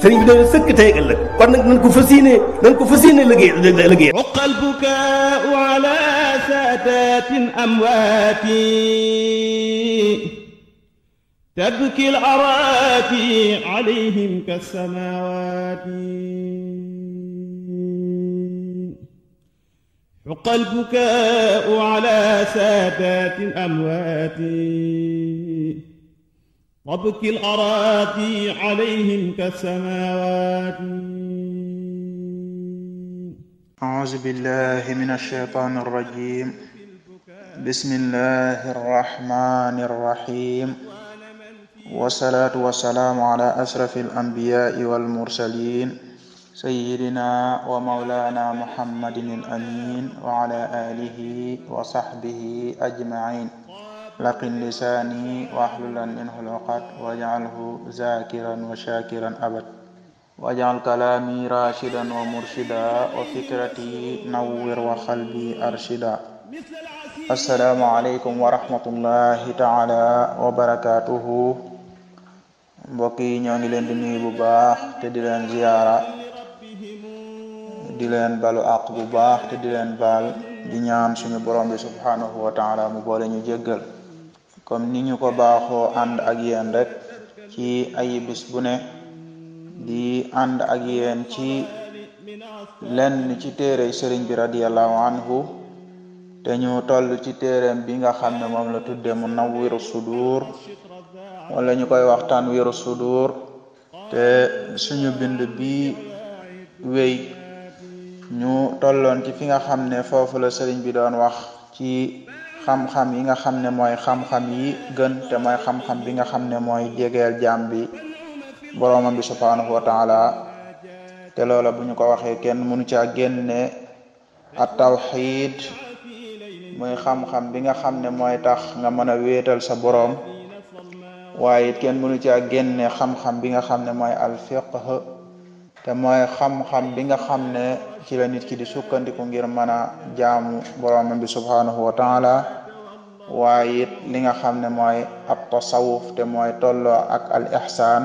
sëriñ bi dana sëkk tey ak ëllëg kon nag nañ ko fas yéene nañ ko fas yéene liggéey liggéey uqal bukaau ala saadatin amwaati tabki al araati alayhim kasamawaati حق البكاء على سادات أمواتي وابكي الأراضي عليهم كالسماوات أعوذ بالله من الشيطان الرجيم بسم الله الرحمن الرحيم والصلاة والسلام على أشرف الأنبياء والمرسلين سيدنا ومولانا محمد الأمين وعلى آله وصحبه أجمعين laqin lisaani waxlulan minhu loqat wajcalhu zakiran wa shakiran abad wajcal kalaami rashidan wa murshida wa fikrati nawwir wa qalbi arshida assalaamu aleykum wa rahmatullahi taala wa barakatuhu mbokk yi ñoo ngi leen di nuyu bu baax te di leen ziyaara di leen balu àq bu baax te di leen baal di ñaan suñu borom bi subhanahu wa taala mu boole ñu jéggal comme ni ñu ko baaxoo ànd ak yéen rek ci ay bis bu ne di ànd ak yéen ci lenn ci téere sëriñ bi radiallahu anhu te ñu toll ci téereem bi nga xam ne moom la tudde Munawwirus Sudur wala ñu koy wax Tanwirus Sudur te suñu bind bi wéy ñu tolloon ci fi nga xam ne foofu la sëriñ bi doon wax ci xam-xam yi nga xam ne mooy xam-xam yi gën te mooy xam-xam bi nga xam ne mooy jegeel jaam bi boroomam bi subhaanahu wa taala te loola bu ñu ko waxee kenn mënu caa génne at tawxid muy xam bi nga xam ne mooy tax nga mën a wéetal sa boroom waaye kenn mënu caa génne xam bi nga xam ne mooy al fiqh te mooy xam-xam bi nga xam ne ci la nit ki di sukkandiku ngir mën a jaamu boroomam bi subhaanahu wa taala waaye it li nga xam ne mooy ab te mooy tolloo ak al ihsaan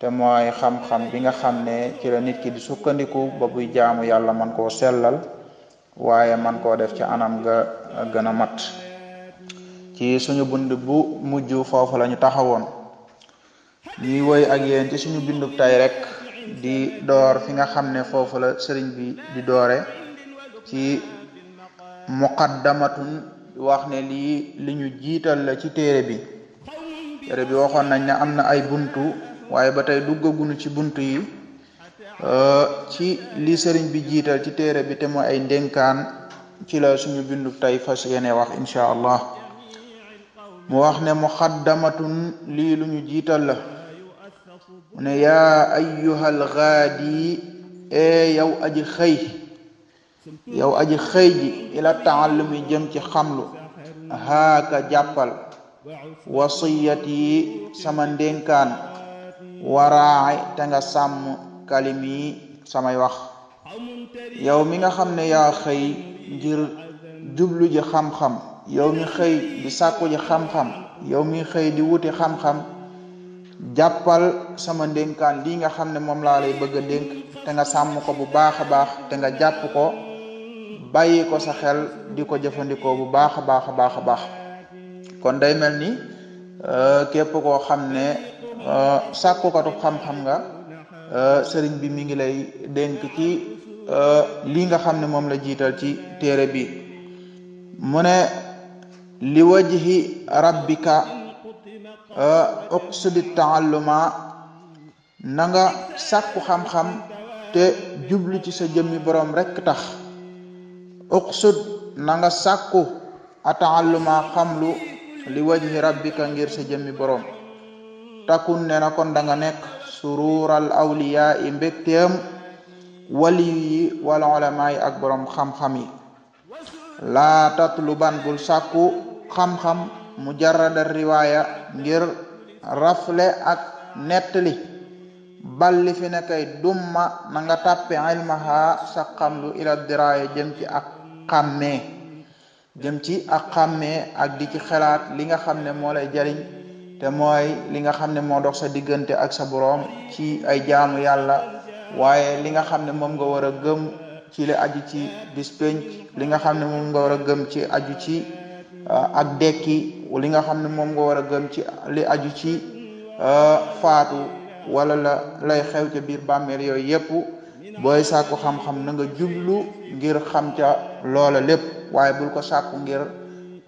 te mooy xam-xam bi nga xam ne ci la nit ki di sukkandiku ba buy jaamu yàlla man koo sellal waaye man koo def ci anam ga gën a mat ci suñu bund bu mujj foofu lañu ñu taxawoon ñuy woy ak ci suñu bindub tey rek di door fi nga xam ne foofu la sëriñ bi di doore ci muqaddamatun wax ne lii li ñu jiital la ci téere bi téere bi waxoon nañ ne am na ay buntu waaye ba tey duggagunu ci buntu yi euh, ci li sëriñ bi jiital ci téere bi te mooy ay ndénkaan ci la suñu bindu tey fas yéene wax incha allah mu wax ne muqaddamatun lii lu ñu jiital la mu ne yaa ayyuhal gaadi e yow aji xëy yow aji xëy ji ila taallumi jëm ci xamlu haaka jàppal wasiyat yi sama ndénkaan waraaxe te nga sàmm kalim yi samay wax yow mi nga xam ne yaa xëy ngir jublu ji xam-xam yow mi xëy di sàkku ji xam-xam yow mi xëy di wuti xam-xam jàppal sama ndénkaan lii nga xam ne moom laa lay bëgg a dénk te nga sàmm ko bu baax a baax te nga jàpp ko bàyyi ko xel di ko jëfandikoo bu baax a baax a baax a baax kon day mel ni euh, képp koo xam ne euh, sàkkukatu xam-xam nga euh, sëriñ bi mi ngi lay dénk ci lii nga xam ne moom la jiital ci téere bi mu ne li wajhi rabbika Euh, uqsudi taalluma na nga sàkku xam-xam te jublu ci sa jëmmi borom rekk tax uqsud na nga sàkku a taalluma xamlu li wajhi rabbika ngir sa jëmmi borom takun nena kon danga nekk surural awliya yi mbégteem waliyu yi wala ulama ak borom xam-xam yi laa tatluban bul sàkku xam-xam mujarrada riwaaya ngir rafle ak nettali balli fi ne kay dumma na nga tàppe ilmahaa sa xamlu ila diraaya jëm ci ak xàmmee jëm ci ak xàmmee ak di ci xelaat li nga xam ne moo lay jariñ te mooy li nga xam ne moo dox sa diggante ak sa boroom ci ay jaamu yàlla waaye li nga xam ne moom nga war a gëm ci la aju ci bis li nga xam ne moom nga war a gëm ci aju ci uh, ak dekki li nga xam ne moom nga war a gëm ci li aju ci euh, faatu wala la lay xew ca biir bàmmeel yooyu yëpp booy sàkku xam-xam na jublu ngir xam ca loola lépp waaye bul ko sàkku ngir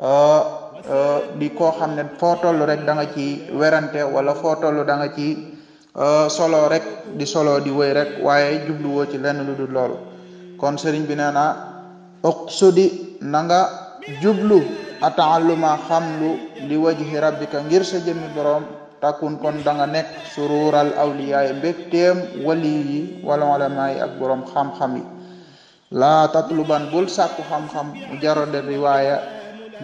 euh, euh, di koo xam ne foo toll rek da nga ci werante wala foo toll da nga ci solo rek di solo di woy rek waaye jubluwoo ci lenn lu dul loolu kon sëriñ bi nee na uqsudi na nga jublu ataalluma xamlu li wajhi rabbika ngir se jëmi borom takkun kon danga nekk suruural awliyaay mbégteem wali yi wala ulama yi ak borom xam-xam yi lu ban bul sàkku xam-xam mu jarode riwaaya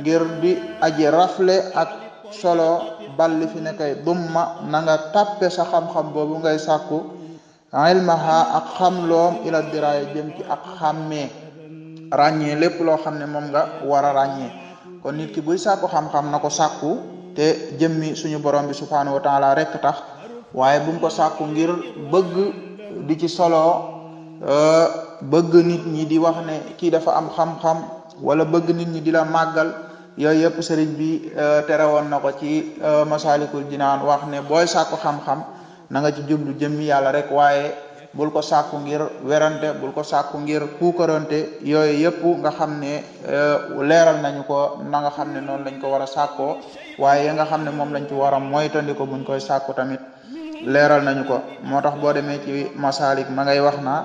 ngir di aji rafle ak solo balli fi ne kay dumma na nga tàppe sa xam-xam boobu ngay sàkku ilmaha ak xamloom ila diraaya jëm ci ak xàmmee ràññee lépp loo xam ne moom nga war a ràññee kon nit ki buy sàkku xam-xam na ko sàkku te jëmmi suñu borom bi subhaanahu wa taala rek tax waaye bu ko sàkku ngir bëgg di ci solo euh, bëgg nit ñi di wax ne kii dafa am xam-xam wala bëgg nit ñi di la màggal yooyu yëpp sëriñ bi euh, tere woon na ko ci euh, masalikul jinaan wax ne booy sàkku xam-xam na ci jublu jëmmi yàlla rek waaye bul ko sàkku ngir werante bul ko sàkku ngir puukarante yooyu yëpp nga xam ne euh, leeral nañu ko nanga nga xam ne noonu lañ ko war a sàkkoo waaye nga xam ne moom lañ ci war a moytandiko buñ koy sàkku tamit leeral nañu ko moo tax boo demee ci masalik ma ngay wax naa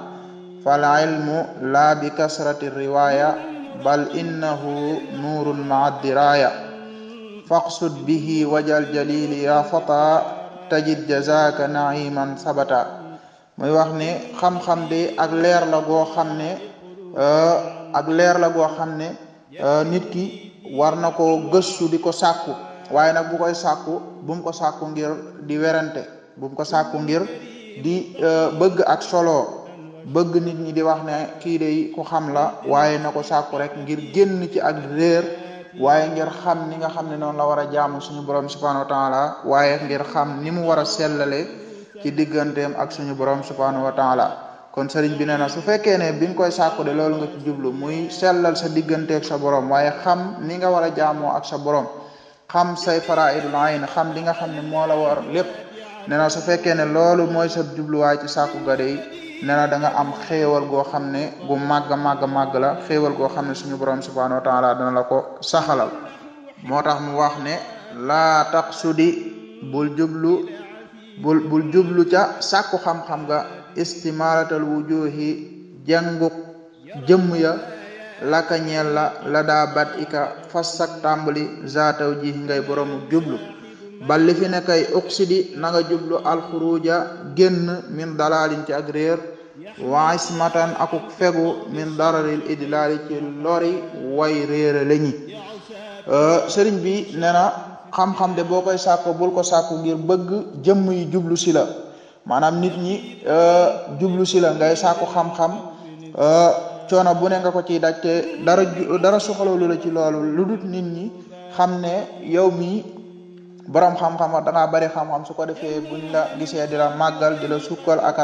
fal ilmu laa bi kasrati riwaya bal innahu nuurun maa diraya faqsud bihi wajal jalili ya fata tajid jazaka naiman sabata muy wax ne xam-xam bi ak leer la goo xam ne euh, ak leer la goo xam ne euh, nit ki war na ko gëstu di ko sàkku waaye nag bu koy sàkku bum ko sàkku ngir di werante bu ko sàkku ngir di euh, bëgg ak solo bëgg nit ñi di wax ne kii day ku xam la waaye na ko sàkku rek ngir génn ci ak réer waaye ngir xam ni nga xam ne noonu la war a jaamu suñu borom subhanahu wa taala waaye ngir xam ni mu war a sellale ci digganteem ak suñu borom subhanahu wa taala kon sëriñ bi nee na su fekkee ne bi koy sàkku de loolu nga ci jublu muy sellal sa digganteeg sa borom waaye xam ni nga war a jaamoo ak sa borom xam say faraidul ayn xam li nga xam ne moo la war lépp nee na su fekkee ne loolu mooy sa jubluwaay ci saaku gade yi nee na da nga am xéewal goo xam ne gu màgg màgg màgg la xéewal goo xam ne suñu borom subhanahu wa taala dana la ko saxalal moo tax mu wax ne laa taqsudi bul jublu bul bul jublu ca sàkku xam-xam nga istimaaratal wujuhi jànguk jëmm ya laka ñeel la la daa bat ika fassak tàmbali zaataw ji ngay boroomu jublu balli fi ne kay uksidi na jublu alxuruja génn min dalalin ci ak réer wa ismatan akuk fegu min dararil idlaali ci lori way réera la ñi euh, bi nee xam-xam de boo koy sàkku bul ko sàkku ngir bëgg jëmm yi jublu si la maanaam nit ñi euh, jublu si la ngay sàkku xam-xam euh, coono bu ne nga ko ci daj te dara dara soxaloolu la ci loolu lu dut nit ñi xam ne yow mi borom xam-xam da bari xam-xam su ko defee buñ la gisee di la màggal di la sukkal ak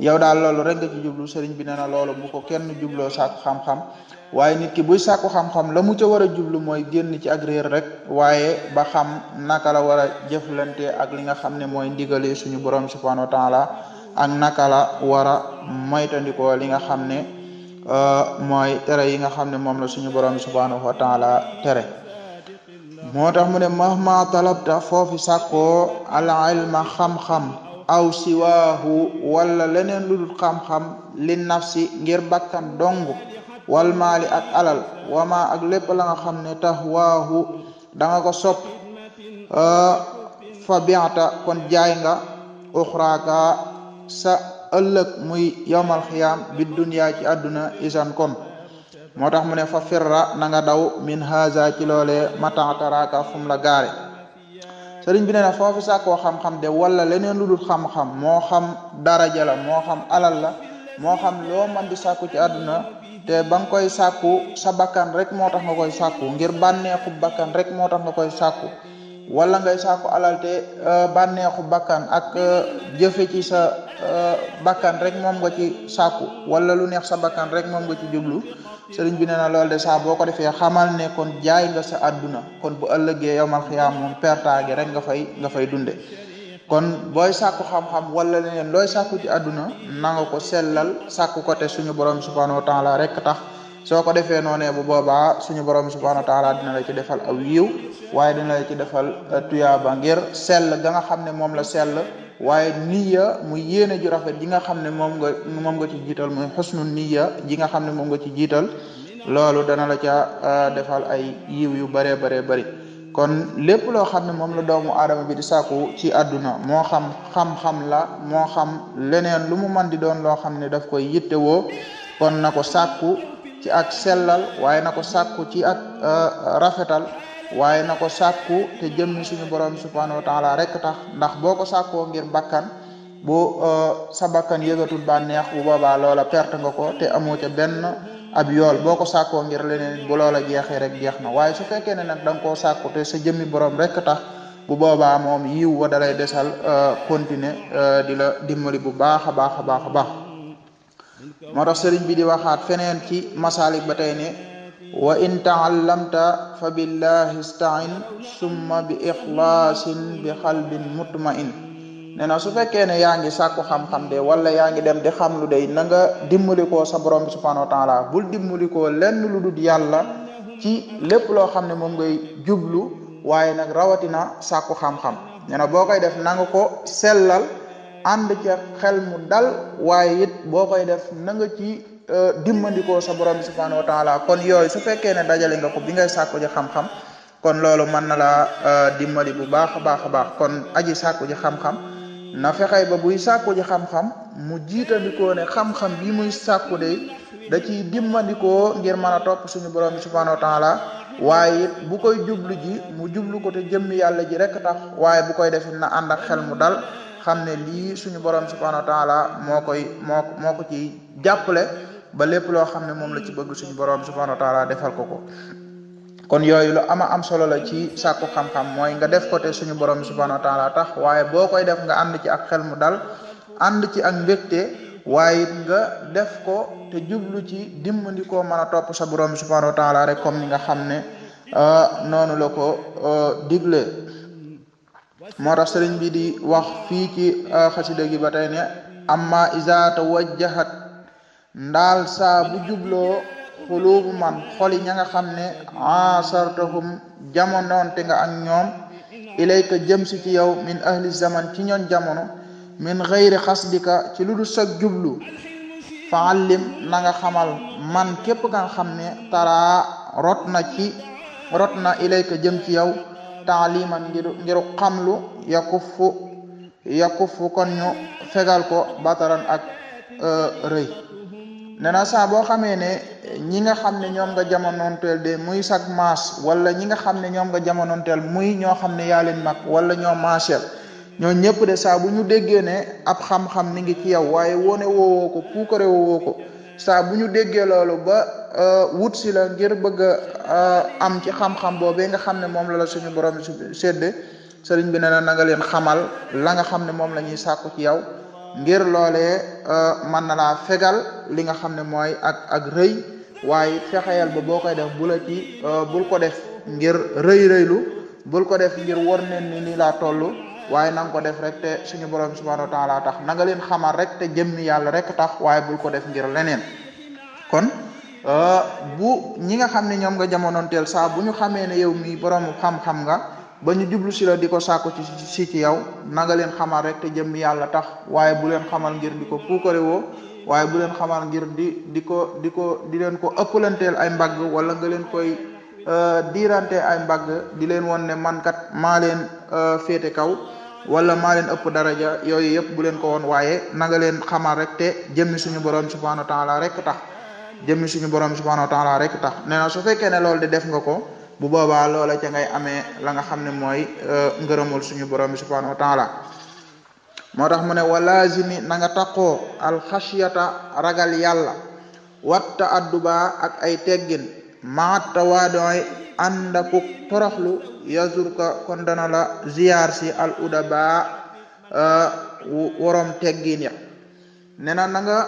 yow daal loolu rek nga ci jublu sëriñ bi nee na loolo bu ko kenn jubloo sàkku xam-xam waaye nit ki buy sàkku xam-xam la mu ca war a jublu mooy génn ci ak rek waaye ba xam naka la war a jëflante ak li nga xam ne mooy ndigale suñu borom subhanahu wa taala ak naka la war a moytandikoo li nga xam ne euh, mooy tere yi nga xam ne moom la suñu borom subhanahu wa taala tere moo tax mu ne mahma talabta foofu sàkkoo al ilma xam-xam aw siwaahu wala leneen lu dul xam-xam li nafsi ngir bakkan dong wal maali ak alal wama ak lépp nga xam ne tahwaahu da nga ko sopp ah, fa biata kon jaay nga uxraaka sa ëllëg muy yowmal xiyaam bi duniyaa ci àdduna isan kon moo tax mu ne fa firra na nga daw min haza ci loole mataataraaka fum la gaare sëriñ bi nee na soo fi sàkkoo xam-xam de wala leneen lu dul xam-xam moo xam dara la moo xam alal la moo xam loo man di sàkku ci àdduna te ba nga koy saaku sa bakkan rek moo tax nga koy sàkku ngir bànneexu bakkan rek moo tax nga koy sàkku wala ngay sàkku alal te euh, bànneexu bakkan ak euh, jëfe ci sa euh, bakkan rek moom nga ci sàkku wala lu neex sa bakkan rek moom nga ci jublu sëriñ bi nee na loolu de saa boo ko defee xamal ne kon jaay nga sa àdduna kon bu ëllëgee yowmal xiyaam moom pertaage rek nga fay nga fay dunde kon booy sàkku xam-xam wala leneen looy sàkku ci àdduna na ko sellal sàkku ko te suñu borom subhaanahu wa taala rek tax soo ko defee noonee bu boobaa suñu borom subhaanahu wa taala dina lay ci defal a yiw waaye dina la ci defal tuyaaba ngir sell ga nga xam ne moom la sell waaye niya mu yéene ju rafet ji nga xam ne moom nga moom nga ci jiital muy xusnu niya jinga xam ne moom nga ci jiital loolu dana la ca defal ay yiw yu baree baree bari kon lépp loo xam ne moom la doomu aadama bi di sàkku ci àdduna moo xam xam-xam la moo xam leneen lu mu mën di doon loo xam ne daf koy yittewoo kon na ko sàkku ci ak sellal waaye na ko ci ak rafetal waaye na ko sàkku te jëmmi suñu borom subhanahu wa taala rek tax ndax boo ko sàkkoo ngir bakkan bu uh, sa bakkan yëgatul bànneex bu boobaa loola perte nga ko te amoo ca benn ab yool boo ko sàkkoo ngir leneen bu loola jeexee rek jeex na waaye su fekkee ne nag da koo sàkku te sa jëmmi boroom rek tax bu boobaa moom yiw wa dalay desal uh, continuer uh, di la dimbali bu baax a baax a baax a baax moo tax sëriñ bi di waxaat feneen ci masaalik ba tey ne wa in taallamta fa billahi istain summa bi ixlaasin bi xalbin mutmain nee na su fekkee ne yaa ngi sàkku xam-xam de wala yaa ngi dem di xamlu lu nanga na nga dimbalikoo sa borom bi subhanahu wa taala bul dimbalikoo lenn lu dul yàlla ci lépp loo xam ne moom ngay jublu waaye nag rawatina sakku xam-xam nee boo koy def nanga ko sellal ànd ca xel mu dal waaye it boo koy def na ci Euh, dimbandikoo sa borom bi subhaanahu wa kon yooyu su fekkee ne dajale nga ko bi ngay sàkku ji xam-xam kon loolu mën na laa euh, dimbali bu baax a baax a baax kon aji sàkku ji xam na fexey ba buy sàkku ji xam-xam mu jiitandikoo ne xam-xam bi muy sàkku de da ciy dimbandikoo ngir mën a topp suñu borom bi subhaanahu wa waaye bu koy jublu ji mu jublu ko te jëmmi yàlla ji rek tax waaye bu koy defit na ànd ak xel mu dal xam ne lii suñu borom subhaanahu wa moo koy moo moo ko ci jàppale ba lépp loo xam ne moom la ci bëgg suñu borom subhanahu wa defal ko ko kon yooyu lu ama am solo la ci sàkku xam-xam mooy nga def ko te suñu borom subhanahu wa tax waaye boo koy def nga ànd ci ak xel mu dal ànd ci ak mbégte waaye nga def ko te jublu ci dimbali koo mën topp sa borom subhanahu wa taala rek comme ni nga xam ne euh, noonu la ko euh, digle moo tax sëriñ bi di wax fii ci euh, xasida gi ba tey ne amma iza tawajjahat ndaal saa jubloo xuluubu man xoli ña nga xam ne asartahum jamonoonte nga ak ñoom ilayka jëm si ci yow min ahli zaman ci ñoon jamono min xayri xasdika ci lu du sag jublu fa allim na nga xamal man képp ka xam ne tara rot na ci rot na ilayka jëm ci yow taaliman ngir ngiru xamlu yakuffu yakuffu kon ñu fegal ko bataran ak euh, rëy nee na saa boo xamee ne ñi nga xam ne ñoom nga jamonoonteel de muy sag maas wala ñi nga xam ne ñoom nga jamonoonteel muy ñoo xam ne yaa leen mag wala ñoo maaseel ñoo ñëpp de saa bu ñu déggee ne ab xam-xam ngi ci yow waaye wone ko puukare woowoo ko saa bu ñu déggee loolu ba euh, wut si la ngir bëgg a euh, am ci xam-xam boobee nga xam ne moom la la suñu borom sédde sëriñ bi ne na nga leen xamal la nga xam ne moom la ñuy sàkku ci yow ngir loolee euh, mën na laa fegal li nga xam ne mooy ak ak rëy waaye fexeyal ba boo koy def bu la ci euh, bul ko def ngir rëy rëylu bul ko def ngir war neen ni nii laa toll waaye na ko def rek te suñu borom subhanahu wa taala tax nanga leen xamal rek te jëmmi yàlla rek tax waaye bul ko def ngir leneen kon euh, bu ñi nga xam ne ñoom nga jamonoonteel saa bu ñu xamee ne yow mi borom xam-xam nga. ba ñu jublu si la di ko sàkku ci si ci yow na leen xamal rek te jëm yàlla tax waaye bu leen xamal ngir di ko puukare woo waaye bu leen xamal ngir di di ko di ko di leen ko ëppalanteel ay mbagg wala nga leen koy euh, diirante ay mbagg di leen won ne man kat maa leen euh, féete kaw wala maa leen ëpp daraja yooyu yëpp bu leen ko woon waaye nanga leen xamal rek te jëmmi suñu borom subhanahu wa taala rek tax jëmmi suñu borom subhanahu wa taala rek tax nee na su fekkee ne loolu de def nga ko. bu boobaa loola ca ngay amee la nga xam ne mooy euh, ngërëmul suñu borom bi subhanahu wa taala moo tax mu ne walaazimi na nga taqoo alxasiyata ragal yàlla watta adduba ak ay teggin maa tawaadoy ànd akuk toroxlu yazurka kon dana la ziyaar si al ba euh, worom teggin ya nee na na nga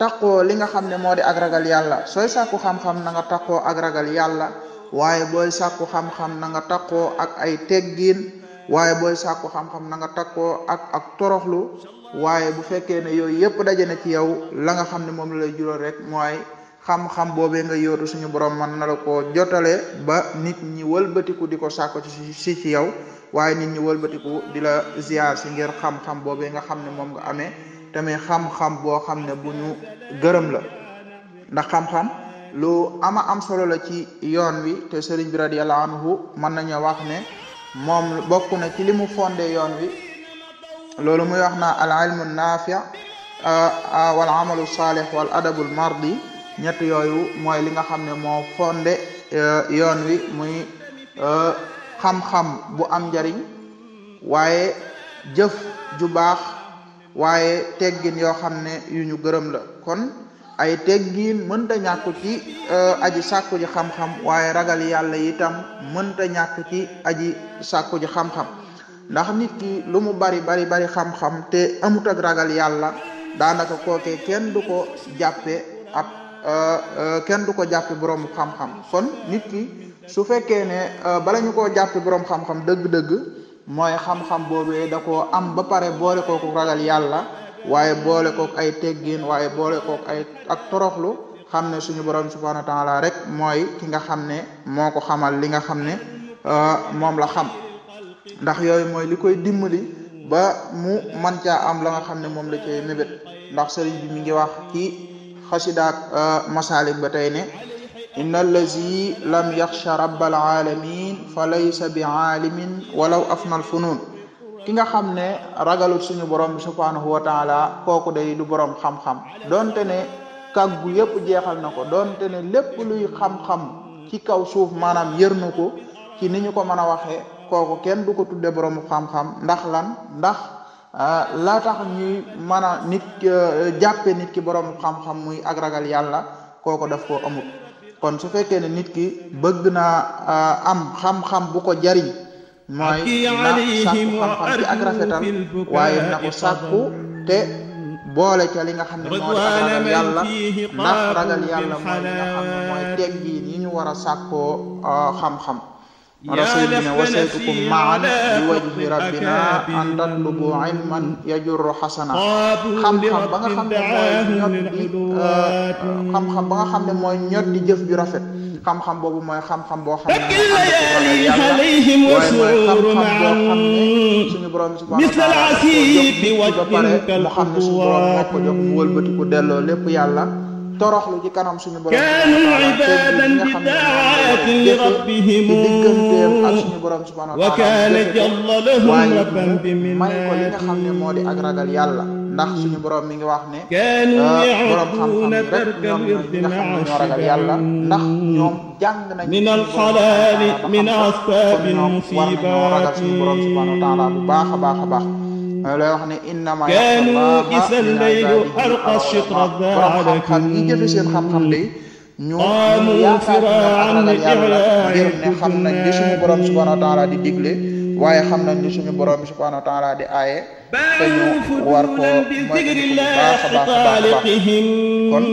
taqoo li nga xam ne moo di ak ragal yàlla sooy sàkku xam-xam na nga taqoo ak ragal yàlla waaye booy sàkku xam-xam na nga takkoo ak ay teggiin waaye booy sàkku xam-xam na nga takkoo ak ak toroxlu waaye bu fekkee ne yooyu yëpp daje ne ci yow la nga xam ne moom la lay jural rek mooy xam-xam boobee nga suñu borom mën na la ko jotale ba nit ñi wëlbatiku di ko sàkku ci si ci yow waaye nit ñi wëlbatiku di la ziar si ngir xam-xam boobee nga xam ne moom nga amee tamit xam-xam boo xam ne buñu ñu gërëm la ndax xam-xam lu ama am solo la ci yoon wi te sëriñ bi radiyallahu anhu mën nañoo wax ne moom bokk na ci limu mu yoon wi loolu muy wax na al ilmu naafi wal amalu saalih wal adabul mardi ñett yooyu mooy li nga xam ne moo fondé e, yoon wi muy e, xam-xam bu am njariñ waaye jëf ju baax waaye teggin yoo xam ne yu ñu gërëm la kon ay teggiin mënta ñàkk ci euh, aji sàkku ji xam-xam waaye ragal yàlla itam mënta ñàkk ci aji sàkku ji xam-xam ndax nit ki lu mu bari bari bari xam-xam te amut ragal yàlla daanaka kooke kenn du ko jàppe ab euh, euh, kenn du ko jàppe borom xam-xam kon nit ki su fekkee ne bala ñu koo jàppe borom xam-xam dëgg-dëgg mooy xam-xam boobee da ko am ba pare boole ko ragal yàlla waaye boole kook ay teggin waaye boole kook ay ak toroxlu xam ne suñu borom subhanahu wa taala rek mooy ki nga xam ne moo ko xamal li nga xam ne euh, moom la xam ndax yooyu mooy li koy dimbali ba mu man caa am la nga xam ne moom la cay mébét ndax sëriñ bi mi ngi wax ci xasidaak euh, masalik ba tey ne inna allazi lam yaxsha rabbal alamin fa laysa bi aalimin walaw afnal funun ki nga xam ne ragalut suñu borom bi subhanahu wa taala kooku day du borom xam-xam donte ne kàggu yépp jeexal na ko donte ne lépp luy xam-xam ci kaw suuf maanaam yër na ko ci ni ñu ko mën a waxee kooku kenn du ko tudde borom xam-xam ndax lan ndax ah, la tax ñuy mën a nit eh, jàppe nit ki borom xam-xam muy ag ragal yàlla kooku daf ko amut kon su fekkee ne nit ki bëgg na ah, am xam-xam bu ko jariñ mooy na sàkku xam-xam ci ak rafetal waaye na ko sàkku te boole ca li nga xam ne moo mooy li nga xam ne mooy ñu war a sàkkoo xam-xam rasul bi ne wasaytukum maan bi rabbina an tatlubu ilman yajurru xasana xam-xam xam ne xam ne mooy ñot di rafet xam-xam boobu mooy xam-xam boo xam ne mooy xam-xam boo xam ne suñu borom subhanahu wa taala ba pare mu xam ne suñu borom moo ko jox mu wëlbati ku delloo lépp yàlla toroxlu ci kanam suñu borom digganteem ak suñu borom subhanahu wa taala waaye may ko li nga xam ne moo di ak ragal yàlla ndax suñu borom mi ngi wax ne ah, borom xam-xam rek ñoom ñooy ñi nga xam ne ñoo ragal yàlla ndax ñoom jàng nañ min alxalaali min asbaabi musiibaati war nañoo ragal bu baax a baax a baax lay wax ne innama borom xam-xam yi jëfe seen xam-xam day ñu yaakaar ne xam nañ li suñu borom subhaanahu wa di digle waaye xam nañ ni suñu borom bi subhanahu wa taala di aaye te ñu war ko moytu baax a baax a baax a baax kon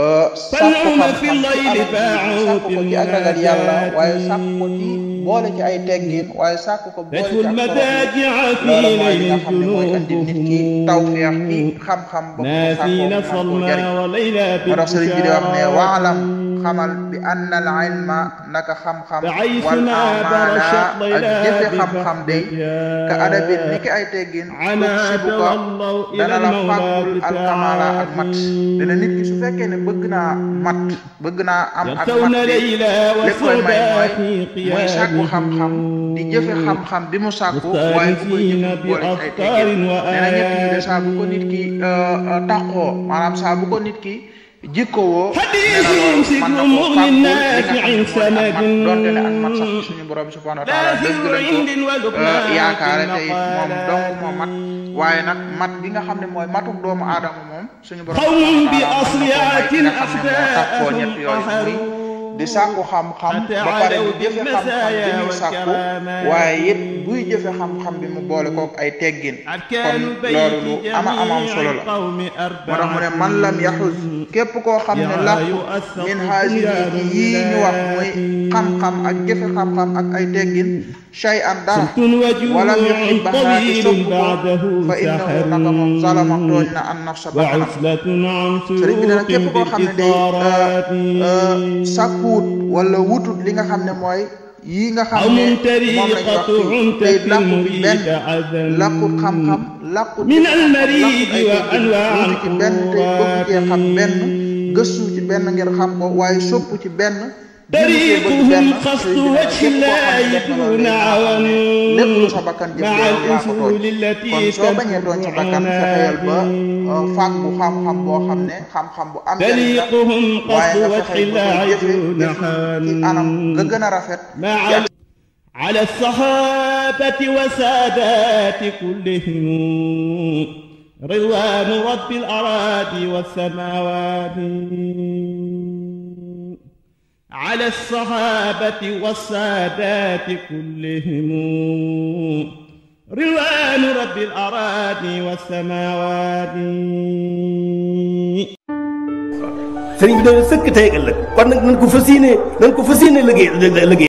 euh, sàkku xam-xam ci am sàkku ko ci ak ragal yàlla waaye sàkku ko ci boole ci ay teggin waaye sàkku ko boole ci ak loolu mooy li nga xam ne mooy andi nit ki tawfeex ci xam-xam ba ko sàkku ko jariñ moo tax sëriñ bi di wax ne waalam xamal bi anna al ilma naka xam-xam wal amaana ak xam-xam day ka adabin ni ki ay teggin dana la fàggul al kamaala ak mat dana nit ki su ne bëgg naa mat bëgg naa am ak xam-xam di jëfe xam-xam bi mu sàkku waaye bu koy jëfe boole ay teggin nee na de saa bu ko nit ki euh, taqoo jikkowoo man na ko fàggul li nga xam ne mooy ak man te it moom dong mat waaye nag mat bi nga xam ne mooy matuk doomu aadama moom suñu bi subhanahu wa taala moo di sàkku xam-xam ba pare di jëfe xam-xam bi waaye it buy jëfe xam mu boole kook ay teggin kon loolu lu ama amam solo moo tax mu ne man lam yaxuz képp koo xam ne laxu min haasihi yii ñu wax muy xam-xam ak jëfe xam-xam ak ay teggin shay'an dara wala yuhibbaha sopp ko fa innahu naka moom zalama na an nafsa bakkanam sëriñ bi nag képp xam ne day sàkkuwut wala wutut li nga xam ne mooy yii nga xam ne moom lañ wax fii tey làkku bi benn xam-xam làkku làkku ci benn tey bëgg cee xam benn gëstu ci benn ngir xam ko waaye sopp ci benn طريقهم قصد وجه الله دون عون مع الأصول التي تدعون طريقهم قصد وجه الله دون عون على الصحابة والسادات كلهم رضوان رب الأراضي والسماوات على الصحابة والسادات كلهم رضوان رب الأراضي والسماوات sëriñ bi de sëkk tey ëllëg kon nag nañ ko fas yéene nañ ko fas yéene liggéey liggéey